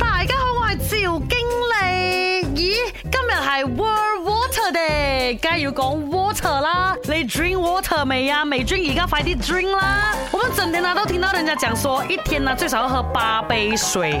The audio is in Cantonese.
大家好，我係趙經理。咦，今日係 World Water Day，梗係要講 water 啦。你 drink water 沒呀？n k 而家快啲 drink 啦！我們整天啊都聽到人家講說，一天呢最少要喝八杯水。